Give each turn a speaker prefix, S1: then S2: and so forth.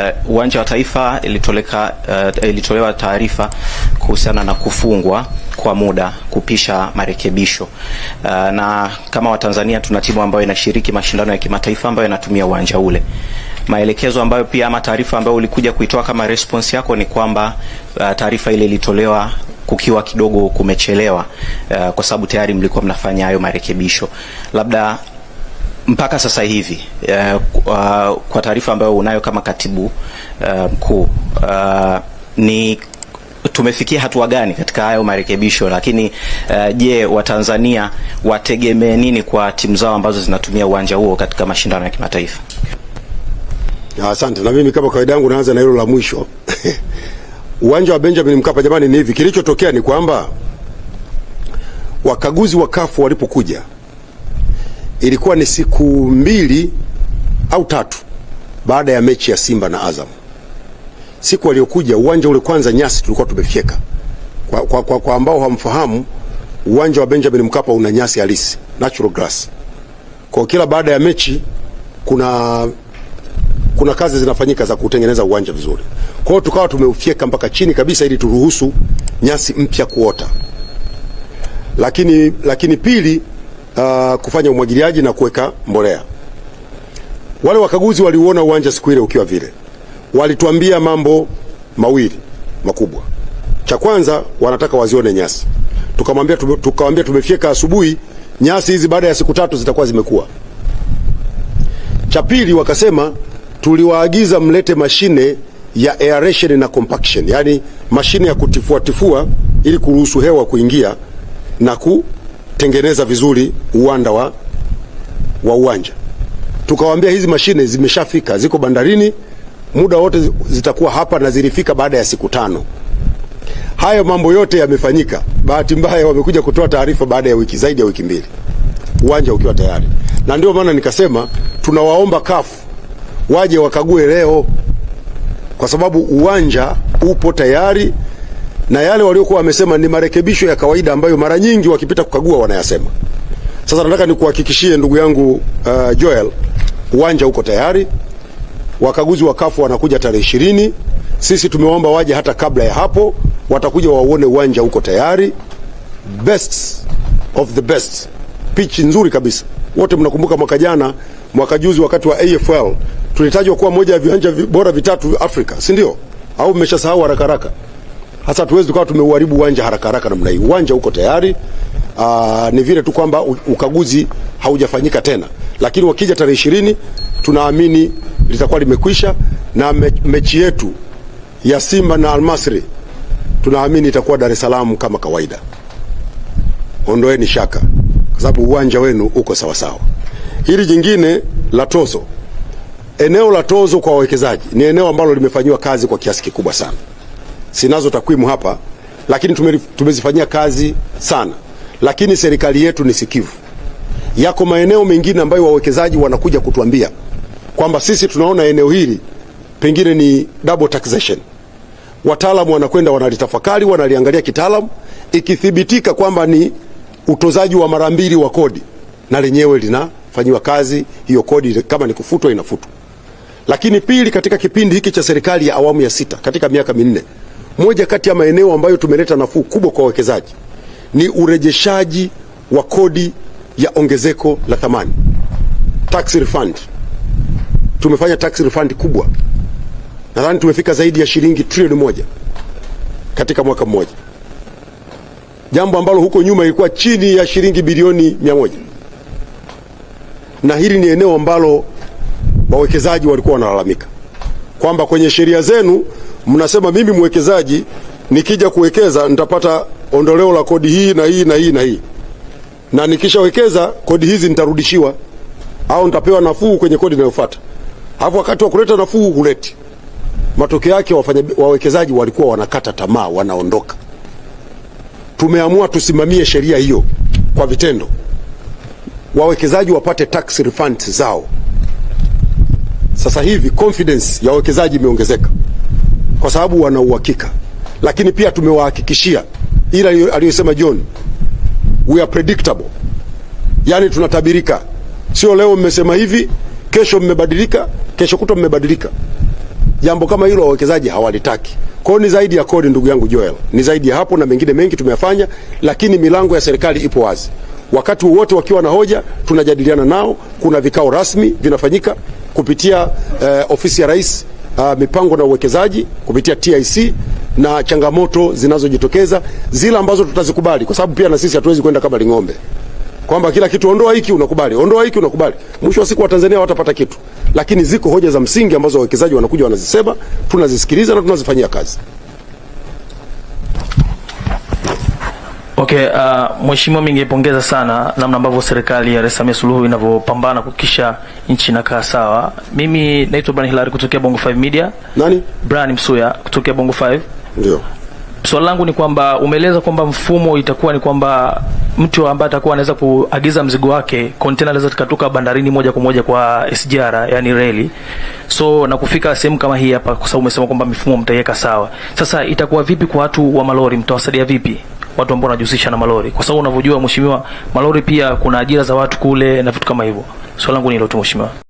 S1: Uh, uwanja uh, wa Taifa ilitoleka, uh, ilitolewa taarifa kuhusiana na kufungwa kwa muda kupisha marekebisho uh, na kama Watanzania tuna timu ambayo inashiriki mashindano ya kimataifa ambayo inatumia uwanja ule. Maelekezo ambayo pia ama taarifa ambayo ulikuja kuitoa kama response yako ni kwamba uh, taarifa ile ilitolewa kukiwa kidogo kumechelewa, uh, kwa sababu tayari mlikuwa mnafanya hayo marekebisho labda mpaka sasa hivi uh, uh, kwa taarifa ambayo unayo kama katibu eh, mkuu uh, uh, ni tumefikia hatua gani katika hayo marekebisho? Lakini uh, je, Watanzania wategemee nini kwa timu zao ambazo zinatumia uwanja huo katika mashindano ya kimataifa?
S2: Ah, asante. Na mimi kama kawaida yangu naanza na hilo la mwisho uwanja wa Benjamin Mkapa. Jamani, ni hivi kilichotokea ni kwamba wakaguzi wa kafu walipokuja ilikuwa ni siku mbili au tatu baada ya mechi ya Simba na Azam. Siku waliokuja uwanja ule, kwanza nyasi tulikuwa tumefyeka. Kwa, kwa, kwa, kwa ambao hamfahamu uwanja wa Benjamin Mkapa una nyasi halisi, natural grass. Kwa kila baada ya mechi kuna kuna kazi zinafanyika za kutengeneza uwanja vizuri. Kwa hiyo tukawa tumeufyeka mpaka chini kabisa ili turuhusu nyasi mpya kuota. Lakini lakini pili uh, kufanya umwagiliaji na kuweka mbolea. Wale wakaguzi waliuona uwanja siku ile ukiwa vile, walituambia mambo mawili makubwa. Cha kwanza, wanataka wazione nyasi. Tukamwambia tukamwambia, tumefyeka asubuhi, nyasi hizi baada ya siku tatu zitakuwa zimekuwa. Cha pili, wakasema tuliwaagiza mlete mashine ya aeration na compaction, yani mashine ya kutifuatifua ili kuruhusu hewa kuingia na ku tengeneza vizuri uwanda wa, wa uwanja. Tukawaambia hizi mashine zimeshafika, ziko bandarini, muda wote zitakuwa hapa, na zilifika baada ya siku tano. Hayo mambo yote yamefanyika. Bahati mbaya wamekuja kutoa taarifa baada ya wiki zaidi ya wiki mbili, uwanja ukiwa tayari, na ndio maana nikasema tunawaomba kafu waje wakague leo, kwa sababu uwanja upo tayari na yale waliokuwa wamesema ni marekebisho ya kawaida ambayo mara nyingi wakipita kukagua wanayasema. Sasa nataka nikuhakikishie ndugu yangu uh, Joel, uwanja uko tayari, wakaguzi wa kafu wanakuja tarehe ishirini. Sisi tumeomba waje hata kabla ya hapo, watakuja wauone uwanja uko tayari, best of the best, pitch nzuri kabisa. Wote mnakumbuka mwaka jana, mwaka juzi, wakati wa AFL tulitajwa kuwa moja ya viwanja bora vitatu Afrika, si ndio? Au mmeshasahau haraka haraka? Hasa tuwezi tukawa tumeuharibu uwanja haraka haraka namna hii. Uwanja uko tayari. Aa, ah, ni vile tu kwamba ukaguzi haujafanyika tena, lakini wakija tarehe ishirini tunaamini litakuwa limekwisha, na me, mechi yetu ya Simba na Almasri tunaamini itakuwa Dar es Salaam kama kawaida. Ondoeni shaka, kwa sababu uwanja wenu uko sawasawa. Hili jingine la tozo, eneo la tozo kwa wawekezaji ni eneo ambalo limefanyiwa kazi kwa kiasi kikubwa sana sinazo takwimu hapa, lakini tumezifanyia kazi sana, lakini serikali yetu ni sikivu. Yako maeneo mengine ambayo wawekezaji wanakuja kutuambia kwamba sisi tunaona eneo hili pengine ni double taxation. Wataalamu wanakwenda wanalitafakari, wanaliangalia kitaalamu, ikithibitika kwamba ni utozaji wa mara mbili wa kodi, na lenyewe linafanyiwa kazi hiyo kodi, kama ni kufutwa inafutwa. Lakini pili, katika kipindi hiki cha serikali ya awamu ya sita, katika miaka minne moja kati ya maeneo ambayo tumeleta nafuu kubwa kwa wawekezaji ni urejeshaji wa kodi ya ongezeko la thamani tax refund. Tumefanya tax refund kubwa, nadhani tumefika zaidi ya shilingi trilioni moja katika mwaka mmoja, jambo ambalo huko nyuma ilikuwa chini ya shilingi bilioni mia moja na hili ni eneo ambalo wawekezaji walikuwa wanalalamika kwamba kwenye sheria zenu mnasema mimi mwekezaji nikija kuwekeza nitapata ondoleo la kodi hii na hii na hii na hii, na nikishawekeza kodi hizi nitarudishiwa au nitapewa nafuu kwenye kodi inayofuata. Hapo wakati wa kuleta nafuu huleti, matokeo yake wafanya wawekezaji walikuwa wanakata tamaa, wanaondoka. Tumeamua tusimamie sheria hiyo kwa vitendo, wawekezaji wapate tax refunds zao. Sasa hivi confidence ya wawekezaji imeongezeka kwa sababu wana uhakika, lakini pia tumewahakikishia ile aliyosema John, we are predictable, yani tunatabirika, sio leo mmesema hivi, kesho mmebadilika, kesho kuto mmebadilika. Jambo kama hilo wawekezaji hawalitaki. Kwa hiyo ni zaidi ya kodi, ndugu yangu Joel, ni zaidi ya hapo na mengine mengi tumeyafanya, lakini milango ya serikali ipo wazi wakati wowote wakiwa na hoja tunajadiliana nao. Kuna vikao rasmi vinafanyika kupitia eh, ofisi ya rais uh, mipango na uwekezaji kupitia TIC na changamoto zinazojitokeza zile ambazo tutazikubali, kwa sababu pia na sisi hatuwezi kwenda kama ling'ombe kwamba kila kitu ondoa hiki unakubali, ondoa hiki unakubali. Mwisho wa siku Watanzania watapata kitu, lakini ziko hoja za msingi ambazo wawekezaji wanakuja wanazisema, tunazisikiliza na tunazifanyia kazi.
S3: Okay, uh, mheshimiwa, mimi ningepongeza sana namna ambavyo serikali ya Rais Samia Suluhu inavyopambana kuhakikisha nchi inakaa sawa. Mimi naitwa Brian Hilary kutokea Bongo 5 Media. Nani? Brian Msuya kutokea Bongo 5. Ndio. Swali langu ni kwamba umeeleza kwamba mfumo itakuwa ni kwamba mtu ambaye atakuwa anaweza kuagiza mzigo wake container anaweza tukatoka bandarini moja kwa moja kwa SGR, yani reli, so na kufika sehemu kama hii hapa, kwa sababu umesema kwamba mifumo mtaiweka sawa. Sasa itakuwa vipi kwa watu wa malori, mtawasaidia vipi watu ambao wanajihusisha na malori, kwa sababu unavyojua mheshimiwa, malori pia kuna ajira za watu kule na vitu kama hivyo. Swali langu ni hilo tu mheshimiwa.